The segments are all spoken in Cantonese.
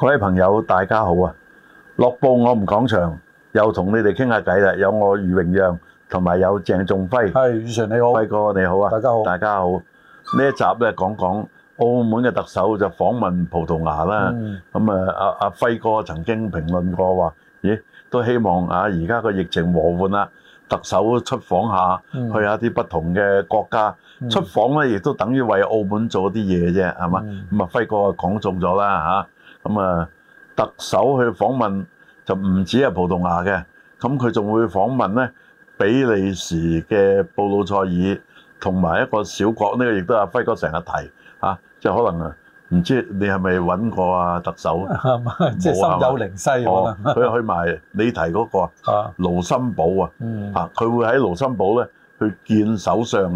各位朋友，大家好啊！樂報我們講場，又同你哋傾下偈啦。有我余榮讓，同埋有，有鄭仲輝，係余 Sir，你好，輝哥你好啊！大家好，大家好。呢一集咧講講澳門嘅特首就訪問葡萄牙啦。咁、嗯嗯、啊，阿阿輝哥曾經評論過話，咦，都希望啊，而家個疫情和緩啦，特首出訪下，嗯、去一啲不同嘅國家、嗯、出訪咧，亦都等於為澳門做啲嘢啫，係嘛？咁、嗯嗯、啊，輝哥啊講中咗啦吓。咁啊，特首去訪問就唔止係葡萄牙嘅，咁佢仲會訪問咧比利時嘅布魯塞爾，同埋一個小國呢個亦都係阿輝哥成日提嚇，即係可能啊，唔知你係咪揾過啊特首？啊唔係，即係心有靈犀，可能佢去埋你提嗰個啊盧森堡啊，啊佢會喺盧森堡咧去見首相，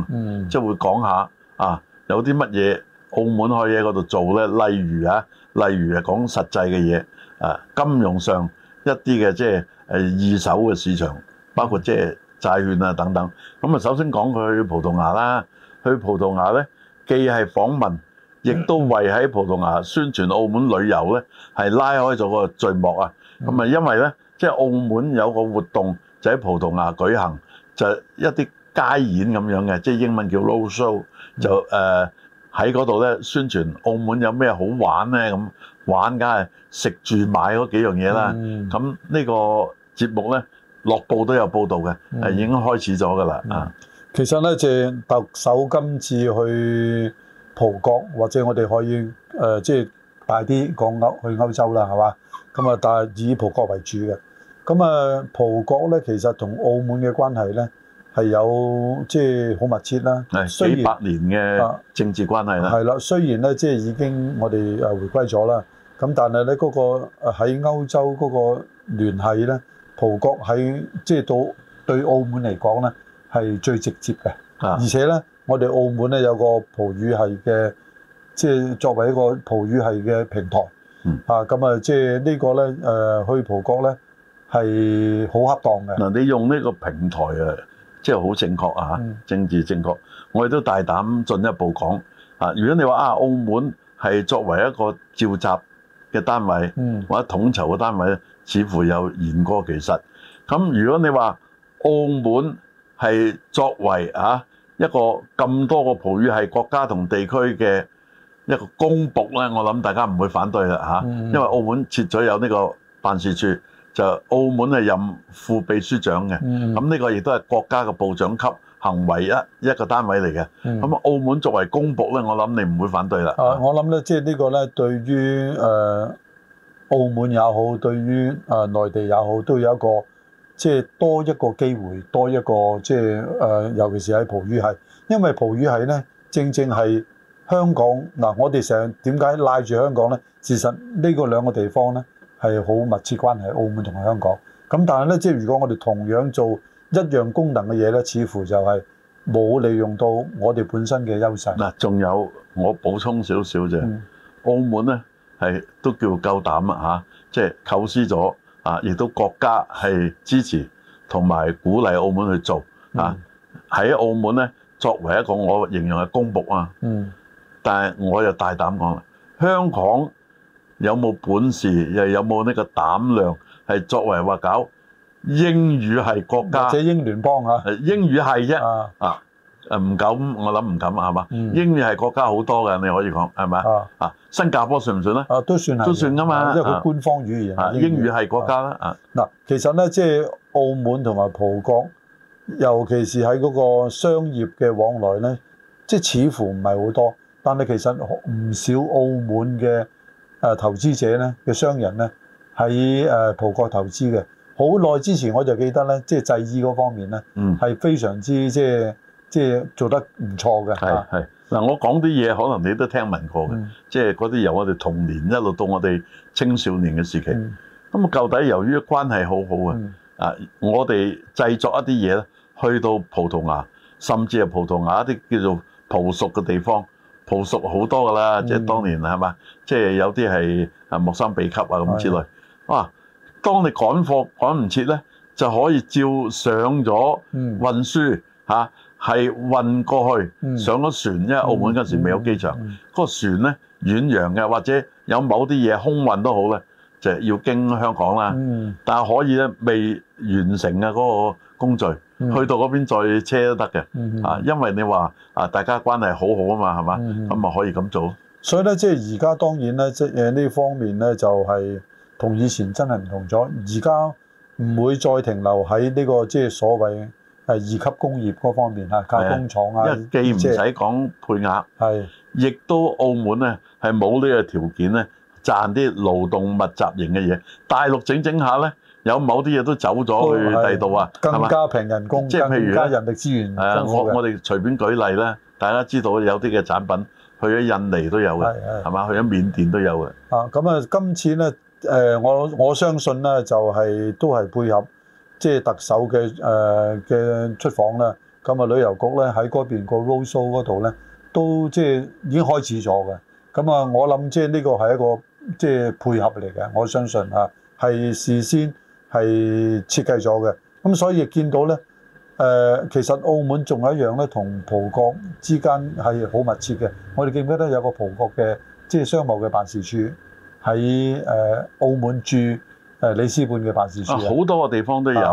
即係會講下啊有啲乜嘢。澳門開嘢嗰度做咧，例如啊，例如係講實際嘅嘢啊，金融上一啲嘅即係二手嘅市場，包括即係債券啊等等。咁啊，首先講佢去葡萄牙啦，去葡萄牙咧，既係訪問，亦都為喺葡萄牙宣傳澳門旅遊咧，係拉開咗個序幕啊。咁啊，因為咧，即係澳門有個活動就喺葡萄牙舉行，就一啲街演咁樣嘅，即係英文叫 road show，就誒、啊。嗯喺嗰度咧，宣傳澳門有咩好玩咧？咁玩，梗係食住買嗰幾樣嘢啦。咁呢、嗯、個節目咧，樂報都有報道嘅，係、嗯、已經開始咗㗎啦。啊、嗯，其實咧，就係、是、特首今次去葡國，或者我哋可以誒，即、呃、係、就是、大啲講歐去歐洲啦，係嘛？咁啊，但係以葡國為主嘅。咁啊，葡國咧其實同澳門嘅關係咧。係有即係好密切啦，幾百年嘅政治關係啦。係啦，雖然咧即係已經我哋誒回歸咗啦，咁但係咧嗰個喺歐洲嗰個聯繫咧，葡國喺即係到對澳門嚟講咧係最直接嘅。啊，而且咧我哋澳門咧有個葡語系嘅，即係作為一個葡語系嘅平台。嗯。啊，咁啊即係呢個咧誒去葡國咧係好恰當嘅。嗱，你用呢個平台啊！即係好正確啊！政治正確，我哋都大膽進一步講啊！如果你話啊，澳門係作為一個召集嘅單位，嗯、或者統籌嘅單位似乎有言過其實。咁如果你話澳門係作為啊一個咁多個葡語系國家同地區嘅一個公僕咧，我諗大家唔會反對啦、嚇，因為澳門設咗有呢個辦事處。就澳門係任副秘書長嘅，咁呢個亦都係國家嘅部長級行為一一個單位嚟嘅。咁澳門作為公僕咧，我諗你唔會反對啦。啊，我諗咧，即係呢個咧，對於誒澳門也好，對於誒內地也好，都有一個即係、就是、多一個機會，多一個即係誒，尤其是喺葡語系，因為葡語系咧，正正係香港嗱，我哋成日點解賴住香港咧？事實呢個兩個地方咧。係好密切關係，澳門同香港。咁但係咧，即係如果我哋同樣做一樣功能嘅嘢咧，似乎就係冇利用到我哋本身嘅優勢。嗱，仲有我補充少少啫。嗯、澳門咧係都叫夠膽啦嚇、啊，即係構思咗啊，亦都國家係支持同埋鼓勵澳門去做啊。喺、嗯、澳門咧，作為一個我形容嘅公僕啊，嗯，但係我又大膽講啦，香港。有冇本事，又有冇呢個膽量，係作為話搞英語係國家，或者英聯邦啊？英語係啫啊！啊、唔敢，我諗唔敢係嘛？嗯、英語係國家好多嘅，你可以講係咪？啊，啊，新加坡算唔算咧？啊，都算係，都算㗎嘛，因為佢官方語言、啊、英語係國家啦。嗱、啊，其實咧，即、就、係、是、澳門同埋葡國，尤其是喺嗰個商業嘅往來咧，即、就、係、是、似乎唔係好多，但係其實唔少澳門嘅。誒投資者咧嘅商人咧，喺誒葡國投資嘅，好耐之前我就記得咧，即係製衣嗰方面咧，係非常之、嗯、即係即係做得唔錯嘅。係係嗱，我講啲嘢可能你都聽聞過嘅，嗯、即係嗰啲由我哋童年一路到我哋青少年嘅時期。咁啊、嗯，究竟由於關係好好啊，嗯、啊，我哋製作一啲嘢咧，去到葡萄牙，甚至係葡萄牙一啲叫做葡屬嘅地方。部署好多噶啦，即係當年係嘛，即係有啲係啊莫三比級啊咁之類，哇！當你趕貨趕唔切咧，就可以照上咗運輸嚇，係運過去上咗船，因為澳門嗰時未有機場，嗰個船咧遠洋嘅，或者有某啲嘢空運都好咧，就係要經香港啦，但係可以咧未完成嘅嗰個工序。去到嗰邊再車都得嘅，嗯、哼啊，因為你話啊，大家關係好好啊嘛，係嘛，咁啊、嗯、哼可以咁做。所以咧，即係而家當然咧，即係呢方面咧，就係、是、同以前真係唔同咗。而家唔會再停留喺呢、這個即係所謂係二級工業嗰方面啦，加工廠啊。既唔使講配額，係、就是，亦都澳門咧係冇呢是沒有這個條件咧，賺啲勞動密集型嘅嘢。大陸整整下咧。有某啲嘢都走咗去第度啊，吧更加平人工，即譬如更加人力資源。係啊，我我哋隨便舉例啦，大家知道有啲嘅產品去咗印尼都有嘅，係嘛？去咗緬甸都有嘅。啊，咁啊，今次咧、呃，我我相信咧，就係、是、都係配合，即、就、係、是、特首嘅嘅、呃、出訪啦。咁、嗯、啊，旅遊局咧喺嗰邊個 road show 嗰度咧，都即係、就是、已經開始咗嘅。咁、嗯、啊，我諗即係呢個係一個即係、就是、配合嚟嘅，我相信啊，係事先。係設計咗嘅，咁所以亦見到呢。誒、呃，其實澳門仲有一樣呢，同葡國之間係好密切嘅。我哋記唔記得有個葡國嘅即係商務嘅辦事處喺澳門駐誒里斯本嘅辦事處。好、呃呃啊、多個地方都有是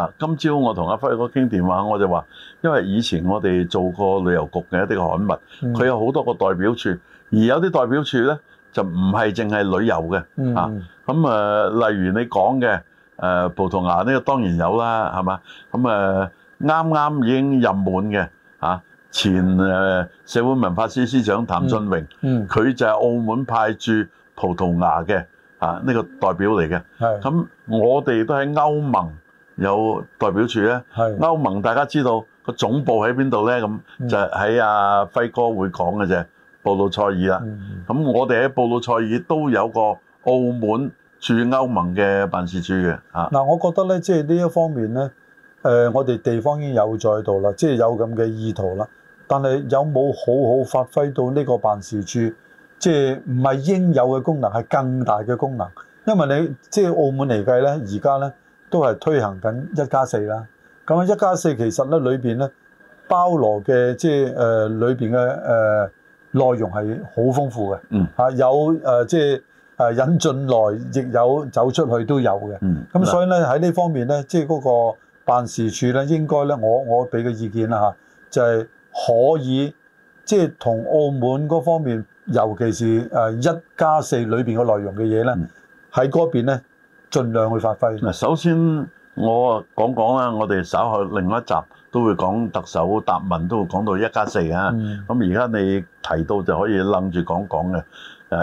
啊。今朝我同阿輝哥傾電話，我就話，因為以前我哋做過旅遊局嘅一啲刊物，佢、嗯、有好多個代表處，而有啲代表處呢就唔係淨係旅遊嘅啊。咁、啊、誒、啊，例如你講嘅。誒、呃、葡萄牙呢、呢個當然有啦，係嘛？咁誒啱啱已經任滿嘅，嚇、啊、前誒、啊、社會文化司司長譚俊榮，嗯，佢、嗯、就係澳門派駐葡萄牙嘅啊呢、呢個代表嚟嘅。咁是我哋都喺歐盟有代表處咧。係是，歐盟大家知道個總部喺邊度咧？咁就喺阿、啊、輝哥會講嘅啫，布魯塞爾。啦咁、嗯嗯、我哋喺布魯塞爾都有個澳門。駐歐盟嘅辦事處嘅，嗱、啊啊，我覺得咧，即係呢一方面咧、呃，我哋地方已經有在度啦，即係有咁嘅意圖啦。但係有冇好好發揮到呢個辦事處，即係唔係應有嘅功能，係更大嘅功能？因為你即係澳門嚟計咧，而家咧都係推行緊一加四啦。咁、呃呃嗯、啊，一加四其實咧裏面咧包羅嘅即係誒裏面嘅誒內容係好豐富嘅，嗯，有誒即係。誒、啊、引進來亦有走出去都有嘅，咁、嗯、所以呢，喺呢、嗯、方面呢，即係嗰個辦事處呢，應該呢，我我俾個意見啦嚇，就係、是、可以即係同澳門嗰方面，尤其是誒一加四裏邊嘅內容嘅嘢呢，喺嗰、嗯、邊咧，儘量去發揮。嗱，首先我講講啦，我哋稍後另一集都會講特首答問，都會講到一加四啊，咁而家你提到就可以諗住講講嘅。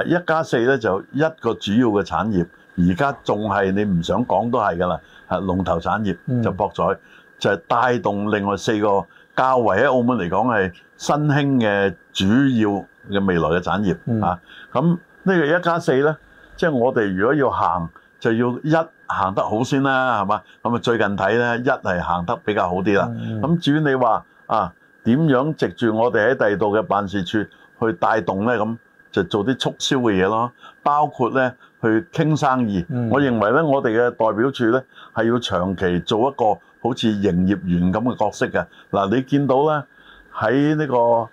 一加四咧，就一個主要嘅產業，而家仲係你唔想講都係㗎啦。係龍頭產業就博彩、嗯、就係帶動另外四個較為喺澳門嚟講係新興嘅主要嘅未來嘅產業咁呢、嗯啊、個一加四咧，即、就、係、是、我哋如果要行，就要一行得好先啦，係嘛？咁啊，最近睇咧，一係行得比較好啲啦。咁至於你話啊，點樣藉住我哋喺第度嘅辦事處去帶動咧？咁？就做啲促銷嘅嘢咯，包括咧去傾生意。嗯、我認為咧，我哋嘅代表處咧係要長期做一個好似營業員咁嘅角色嘅。嗱、啊，你見到咧喺呢、這個誒、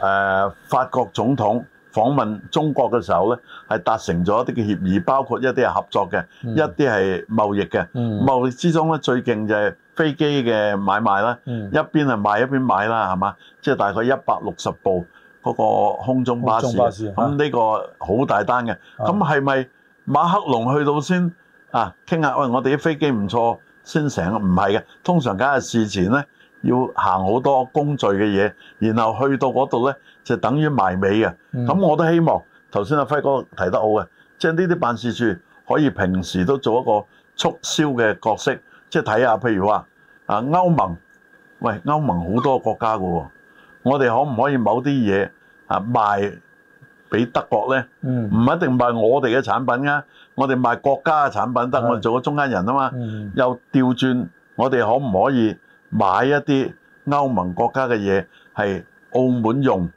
呃、法國總統訪問中國嘅時候咧，係達成咗一啲嘅協議，包括一啲係合作嘅，嗯、一啲係貿易嘅。貿、嗯、易之中咧最勁就係飛機嘅買賣啦，嗯、一邊係賣一邊買啦，係嘛？即、就、係、是、大概一百六十部。嗰個空中巴士，咁呢個好大單嘅，咁係咪馬克龍去到先的啊傾下？喂，我哋啲飛機唔錯先成，唔係嘅，通常梗係事前咧要行好多工序嘅嘢，然後去到嗰度咧就等於埋尾嘅。咁、嗯、我都希望頭先阿輝哥提得好嘅，即係呢啲辦事處可以平時都做一個促銷嘅角色，即係睇下，譬如話啊歐盟，喂歐盟好多國家噶喎、哦。我哋可唔可以某啲嘢啊賣俾德國咧？唔一定賣我哋嘅產品啊，我哋賣國家嘅產品得，我哋做個中間人啊嘛。又調轉，我哋可唔可以買一啲歐盟國家嘅嘢係澳門用，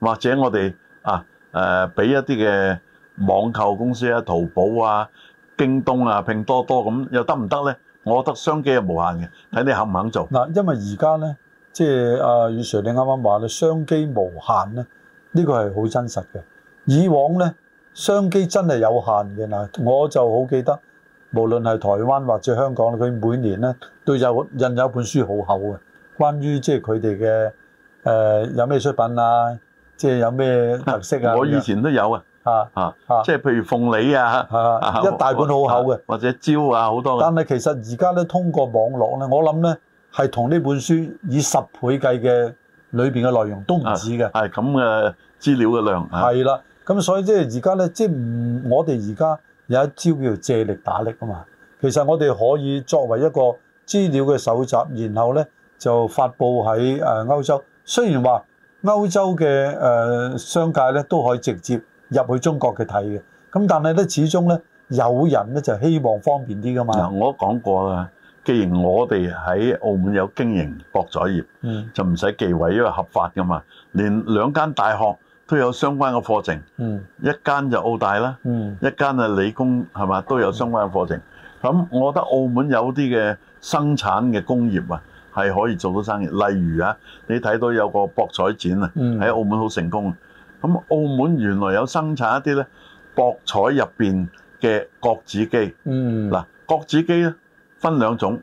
或者我哋啊誒俾一啲嘅網購公司啊，淘寶啊、京東啊、拼多多咁，又得唔得咧？我覺得商機係無限嘅，睇你肯唔肯做。嗱，因為而家咧。即係阿余 Sir，你啱啱話咧，商機無限咧，呢、這個係好真實嘅。以往咧，商機真係有限嘅嗱。我就好記得，無論係台灣或者香港，佢每年咧都有印有一本書好厚嘅，關於即係佢哋嘅誒有咩出品啊，即係有咩特色啊。我以前都有啊，啊啊，啊即係譬如鳳梨啊，一大本好厚嘅，啊啊，或者蕉啊好多嘅。但係其實而家咧，通過網絡咧，我諗咧。係同呢本書以十倍計嘅裏邊嘅內容都唔止嘅，係咁嘅資料嘅量係啦。咁所以即係而家咧，即係唔我哋而家有一招叫做借力打力啊嘛。其實我哋可以作為一個資料嘅搜集，然後咧就發布喺誒歐洲。雖然話歐洲嘅誒、呃、商界咧都可以直接入去中國嘅睇嘅，咁但係咧始終咧有人咧就希望方便啲噶嘛。啊、我講過㗎。既然我哋喺澳門有經營博彩業，就唔使忌諱，因為合法㗎嘛。連兩間大學都有相關嘅課程，一間就澳大啦，一間啊理工係咪都有相關嘅課程？咁我覺得澳門有啲嘅生產嘅工業啊，係可以做到生意。例如啊，你睇到有個博彩展啊，喺澳門好成功啊。咁澳門原來有生產一啲咧博彩入邊嘅角子機，嗱角子機咧。分兩種，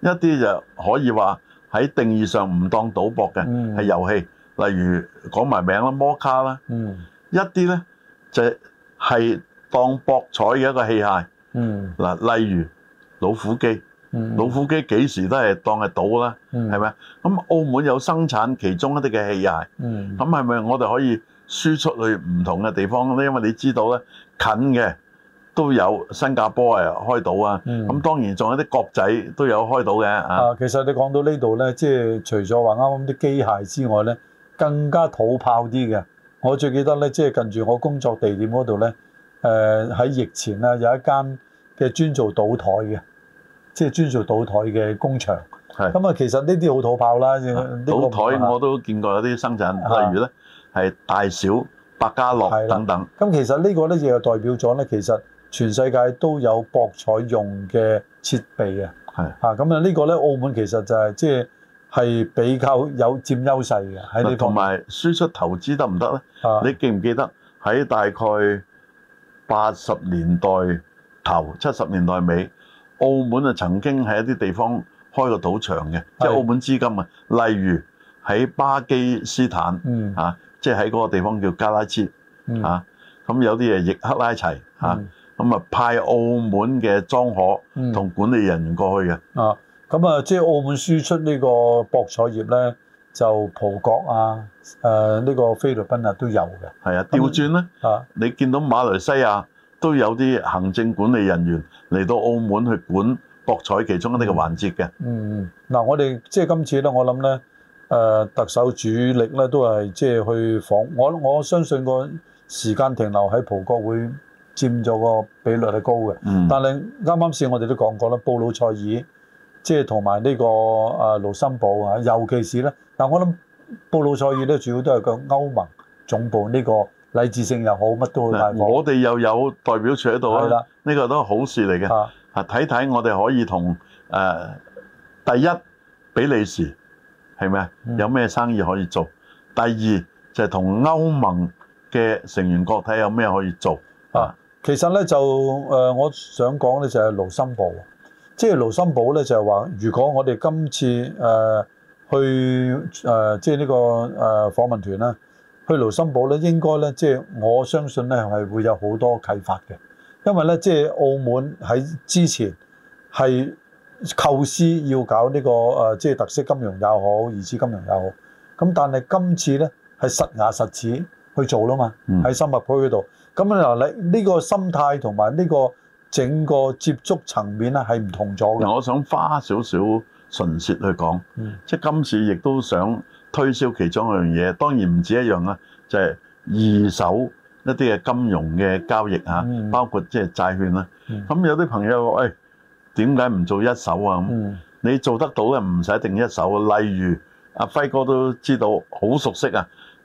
一啲就可以話喺定義上唔當賭博嘅，係遊戲，例如講埋名啦、摸卡啦，一啲咧就係當博彩嘅一個器械。嗱，例如老虎機，老虎機幾時都係當係賭啦，係咪啊？咁澳門有生產其中一啲嘅器械，咁係咪我哋可以輸出去唔同嘅地方咧？因為你知道咧，近嘅。都有新加坡啊，開到啊！咁、嗯、當然仲有啲國仔都有開到嘅啊，啊。其實你講到這裡呢度咧，即、就、係、是、除咗話啱啱啲機械之外咧，更加土炮啲嘅。我最記得咧，即、就、係、是、近住我工作地點嗰度咧，誒、呃、喺疫前咧有一間嘅專做賭台嘅，即、就、係、是、專做賭台嘅工場。係咁啊，其實呢啲好土炮啦。賭台、啊啊啊、我都見過有啲生產，啊、例如咧係大小百家樂等等。咁、啊、其實這個呢個咧就是、代表咗咧，其實。全世界都有博彩用嘅設備嘅，係的啊咁啊呢個咧，澳門其實就係即係係比較有佔優勢嘅喺同埋輸出投資得唔得咧？的你記唔記得喺大概八十年代頭、七十年代尾，澳門啊曾經喺一啲地方開過賭場嘅，的即係澳門資金啊，例如喺巴基斯坦、嗯、啊，即係喺嗰個地方叫加拉切、嗯啊。啊，咁有啲嘢亦克拉齊啊。咁啊，派澳門嘅莊荷同管理人員過去嘅。啊、嗯，咁、嗯、啊、嗯嗯，即係澳門輸出呢個博彩業咧，就葡國啊，誒、呃、呢、這個菲律賓啊都有嘅。係啊的，調轉咧，啊，嗯、你見到馬來西亞都有啲行政管理人員嚟到澳門去管博彩其中呢個環節嘅、嗯。嗯，嗱，我哋即係今次咧，我諗咧，誒特首主力咧都係即係去訪，我我相信個時間停留喺葡國會。佔咗個比率係高嘅，嗯、但係啱啱先我哋都講過啦，布魯塞爾即係同埋呢個啊盧森堡啊，尤其是咧。但我諗布魯塞爾咧，主要都係個歐盟總部呢、這個禮節性又好，乜都好，開我哋又有代表處喺度啊，呢的個都好事嚟嘅。啊的，睇睇我哋可以同誒、呃、第一比利時係咩？啊，有咩生意可以做？嗯、第二就係同歐盟嘅成員國睇有咩可以做啊。其實咧就我想講咧就係盧森堡，即、就、係、是、盧森堡咧就係話，如果我哋今次去即係呢個訪問團啦，去盧森堡咧，應該咧即係我相信咧係會有好多啟發嘅，因為咧即係澳門喺之前係構思要搞呢、這個即係、就是、特色金融也好，二次金融也好，咁但係今次咧係實牙實齒去做啦嘛，喺深合區嗰度。咁啊，嗱你呢個心態同埋呢個整個接觸層面咧係唔同咗嘅。嗱，我想花少少唇舌去講，即係今次亦都想推銷其中一樣嘢，當然唔止一樣啦，就係二手一啲嘅金融嘅交易啊，包括即係債券啦。咁有啲朋友話：誒點解唔做一手啊？咁你做得到咧，唔使定一手。例如阿輝哥都知道，好熟悉啊。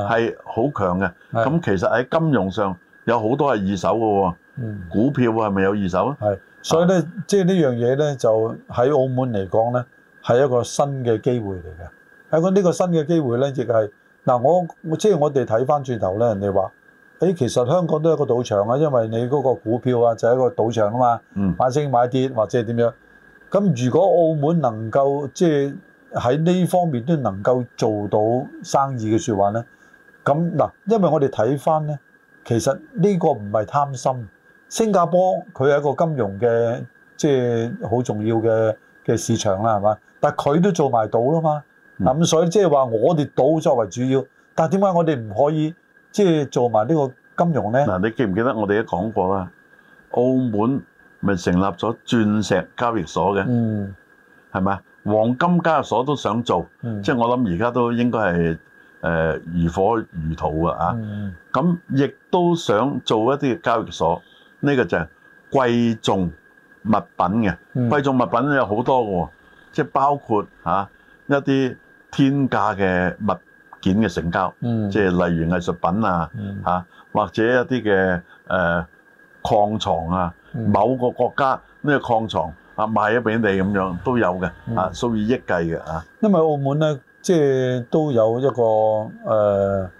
係好強嘅，咁其實喺金融上有好多係二手嘅喎，是的股票係咪有二手啊？係，所以咧，啊、即係呢樣嘢咧，就喺澳門嚟講咧，係一個新嘅機會嚟嘅。喺、這、呢個新嘅機會咧，亦係嗱，我即係我哋睇翻轉頭咧，人哋話，誒，其實香港都係一個賭場啊，因為你嗰個股票啊，就係一個賭場啊嘛，嗯、買升買跌或者點樣，咁如果澳門能夠即係喺呢方面都能夠做到生意嘅說話咧？咁嗱，因為我哋睇翻咧，其實呢個唔係貪心。新加坡佢係一個金融嘅，即係好重要嘅嘅市場啦，係嘛？但係佢都做埋到啦嘛。嗱，咁所以即係話我哋倒作為主要，但係點解我哋唔可以即係做埋呢個金融咧？嗱，你記唔記得我哋都講過呀？澳門咪成立咗鑽石交易所嘅，係嘛？黃金交易所都想做，即係我諗而家都應該係。誒如火如荼啊！啊，咁亦都想做一啲嘅交易所，呢個就係貴重物品嘅。貴重物品有好多嘅，即係包括嚇一啲天價嘅物件嘅成交，即係例如藝術品啊嚇，或者一啲嘅誒礦床啊，某個國家呢個礦床啊賣咗俾你咁樣都有嘅啊，數以億計嘅啊，因為澳門咧。即係都有一個誒、呃、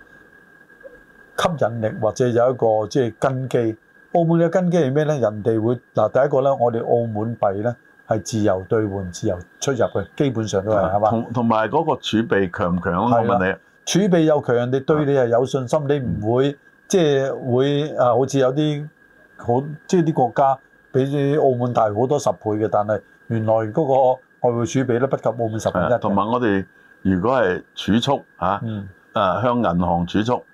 吸引力，或者有一個即係根基。澳門嘅根基係咩咧？人哋會嗱第一個咧，我哋澳門幣咧係自由兌換、自由出入嘅，基本上都係係嘛。同同埋嗰個儲備強唔強，我問你的？儲備又強，你對你係有信心，的你唔會即係會啊？好似有啲好即係啲國家俾啲澳門大好多十倍嘅，但係原來嗰個外匯儲備咧不及澳門十倍同埋我哋。如果係儲蓄嚇，誒向銀行儲蓄，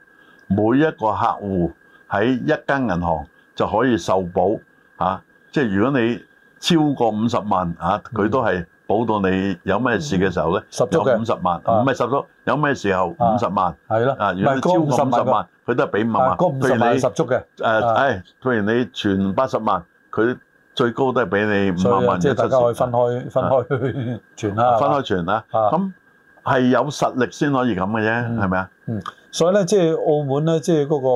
每一個客戶喺一間銀行就可以受保嚇，即係如果你超過五十萬嚇，佢都係保到你有咩事嘅時候咧，就五十萬，唔係十足，有咩時候五十萬，係咯，啊，如果你超過五十萬，佢都係俾五十萬，對你十足嘅，誒，譬如你存八十萬，佢最高都係俾你五十萬嘅出線。所以即係大家可以分開分開存啦，分開存啦，咁。係有實力先可以咁嘅啫，係咪啊？嗯，所以咧，即係澳門咧、嗰個，即係嗰個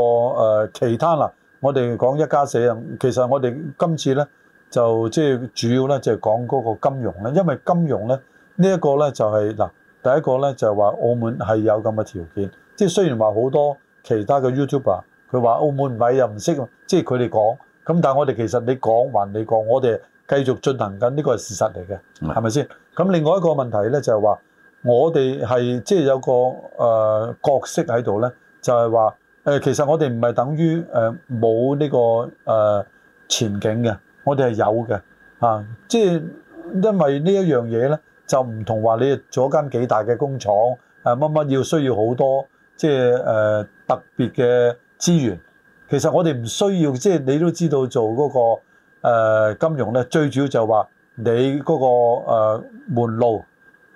誒其他嗱，我哋講一加四啊。其實我哋今次咧就即係主要咧就係講嗰個金融咧，因為金融咧呢一、這個咧就係、是、嗱，第一個咧就係話澳門係有咁嘅條件，即係雖然話好多其他嘅 YouTuber 佢話澳門咪又唔識，即係佢哋講咁，但係我哋其實你講還你講，我哋繼續進行緊，呢、這個係事實嚟嘅，係咪先？咁、嗯、另外一個問題咧就係話。我哋係即係有個誒角色喺度咧，就係話誒，其實我哋唔係等於誒冇呢個誒前景嘅，我哋係有嘅啊！即係因為呢一樣嘢咧，就唔同話你做一間幾大嘅工廠誒，乜乜要需要好多即係誒特別嘅資源。其實我哋唔需要，即係你都知道做嗰個誒金融咧，最主要就話你嗰個誒門路。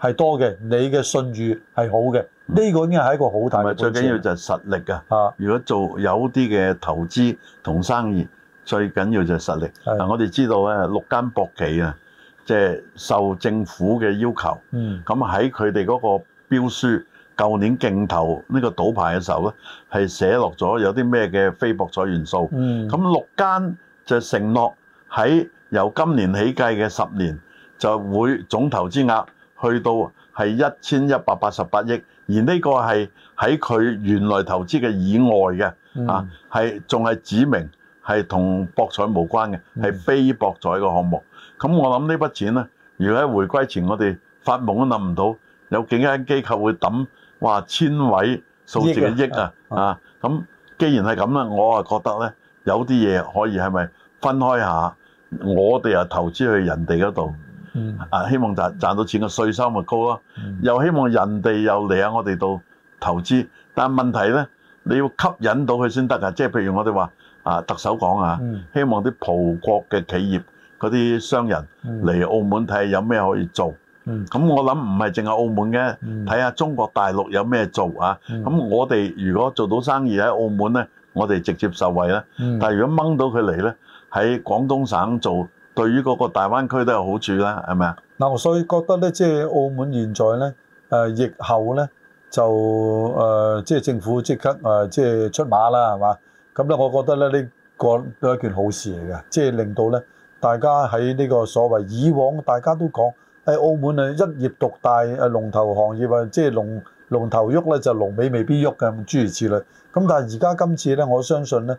係多嘅，你嘅信譽係好嘅。呢、嗯、個已經係一個好大。最緊要就係實力啊！啊，如果做有啲嘅投資同生意，最緊要就係實力。係，啊、我哋知道咧，六間博企啊，即、就、係、是、受政府嘅要求。嗯。咁喺佢哋嗰個標書，舊年競投呢個賭牌嘅時候咧，係寫落咗有啲咩嘅非博彩元素。嗯。咁六間就承諾喺由今年起計嘅十年就會總投資額，去到係一千一百八十八億，而呢個係喺佢原來投資嘅以外嘅，嗯、啊，係仲係指明係同博彩無關嘅，係非、嗯、博彩嘅項目。咁我諗呢筆錢咧，如果喺回歸前我哋發夢都諗唔到，有幾間機構會抌，哇千位數字嘅億啊，億的啊，咁、啊、既然係咁啦，我啊覺得咧，有啲嘢可以係咪分開下，我哋啊投資去人哋嗰度。嗯，啊希望賺賺到錢嘅稅收咪高咯，嗯、又希望人哋又嚟喺我哋度投資，但係問題咧，你要吸引到佢先得噶，即係譬如我哋話啊特首講啊，希望啲葡國嘅企業嗰啲商人嚟澳門睇下有咩可以做，咁、嗯嗯、我諗唔係淨係澳門嘅，睇下、嗯、中國大陸有咩做啊，咁、嗯、我哋如果做到生意喺澳門咧，我哋直接受惠啦。嗯、但係如果掹到佢嚟咧，喺廣東省做。對於嗰個大灣區都有好處啦，係咪啊？嗱，所以覺得咧，即係澳門現在咧，誒、呃、疫後咧就誒即係政府即刻誒即係出馬啦，係嘛？咁咧，我覺得咧呢個都係一件好事嚟嘅，即係令到咧大家喺呢個所謂以往大家都講喺澳門啊一業獨大誒龍頭行業或者係龍龍頭喐咧就龍尾未必喐嘅，諸如此類。咁但係而家今次咧，我相信咧。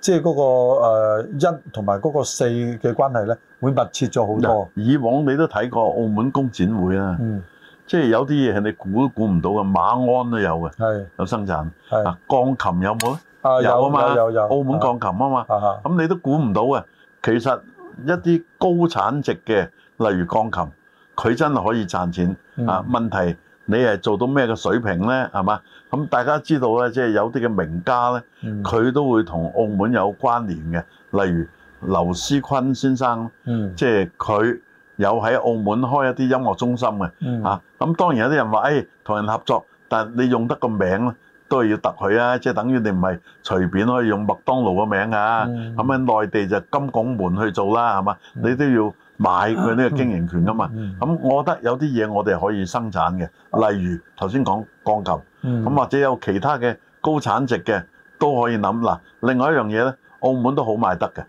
即係嗰、嗰個、呃、一同埋嗰個四嘅關係咧，會密切咗好多。以往你都睇過澳門工展會啦，嗯，即係有啲嘢係你估都估唔到嘅，馬鞍都有嘅，是有生產，係啊是，鋼琴有冇？啊有啊嘛，有有有，有有有澳門鋼琴啊嘛，咁、啊、你都估唔到嘅。其實一啲高產值嘅，例如鋼琴，佢真係可以賺錢、嗯、啊。問題你係做到咩嘅水平咧？係嘛？咁大家知道咧，即係有啲嘅名家咧，佢都會同澳門有關聯嘅。例如劉思坤先生，即係佢有喺澳門開一啲音樂中心嘅。啊，咁當然有啲人話，誒，同人合作，但係你用得個名咧，都係要揼佢啊！即係等於你唔係隨便可以用麥當勞嘅名啊。咁喺內地就金拱門去做啦，係嘛？你都要買佢呢個經營權噶嘛。咁我覺得有啲嘢我哋可以生產嘅，例如頭先講。鋼琴，咁或者有其他嘅高產值嘅都可以諗嗱。另外一樣嘢咧，澳門都好賣得嘅，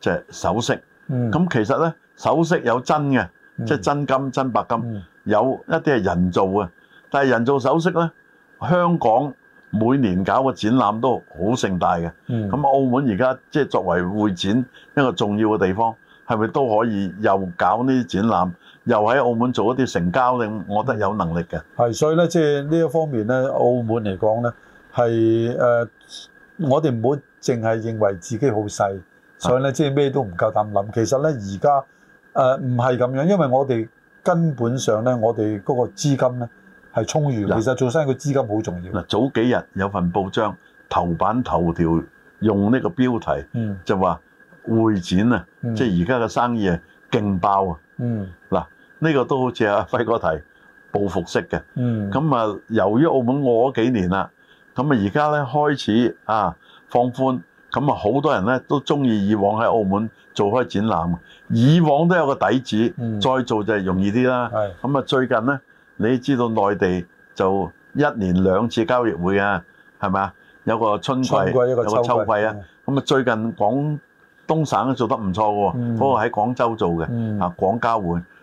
就係首飾。咁其實咧，首飾有真嘅，即係真金、真白金，有一啲係人造嘅。但係人造首飾咧，香港每年搞個展覽都好盛大嘅。咁澳門而家即係作為會展一個重要嘅地方，係咪都可以又搞呢啲展覽？又喺澳門做一啲成交，你我覺得有能力嘅。係，所以咧，即係呢一方面咧，澳門嚟講咧，係誒、呃，我哋唔好淨係認為自己好細，所以咧，即係咩都唔夠膽諗。其實咧，而家誒唔係咁樣，因為我哋根本上咧，我哋嗰個資金咧係充裕。是其實做生意個資金好重要。嗱、啊，早幾日有份報章頭版頭條用呢個標題，嗯、就話會展啊，嗯、即係而家嘅生意啊，勁爆啊。嗱、嗯。啊呢個都好似阿輝哥提報復式嘅，咁啊、嗯、由於澳門餓咗幾年啦，咁啊而家咧開始啊放寬，咁啊好多人咧都中意以往喺澳門做開展覽，以往都有個底子，嗯、再做就係容易啲啦。咁啊是最近咧，你知道內地就一年兩次交易會啊，係咪啊？有個春季，春季一個秋季有個秋季啊。咁啊、嗯、最近廣東省都做得唔錯喎，嗰、嗯、個喺廣州做嘅啊、嗯、廣交會。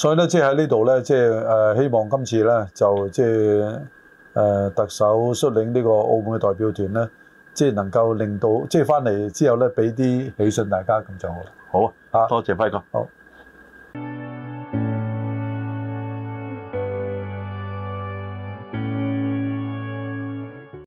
所以咧，即喺呢度咧，即誒希望今次咧，就即誒特首率領呢個澳門嘅代表團咧，即能夠令到即翻嚟之後咧，俾啲喜訊大家咁就好啦。好啊，多謝輝哥，啊。好。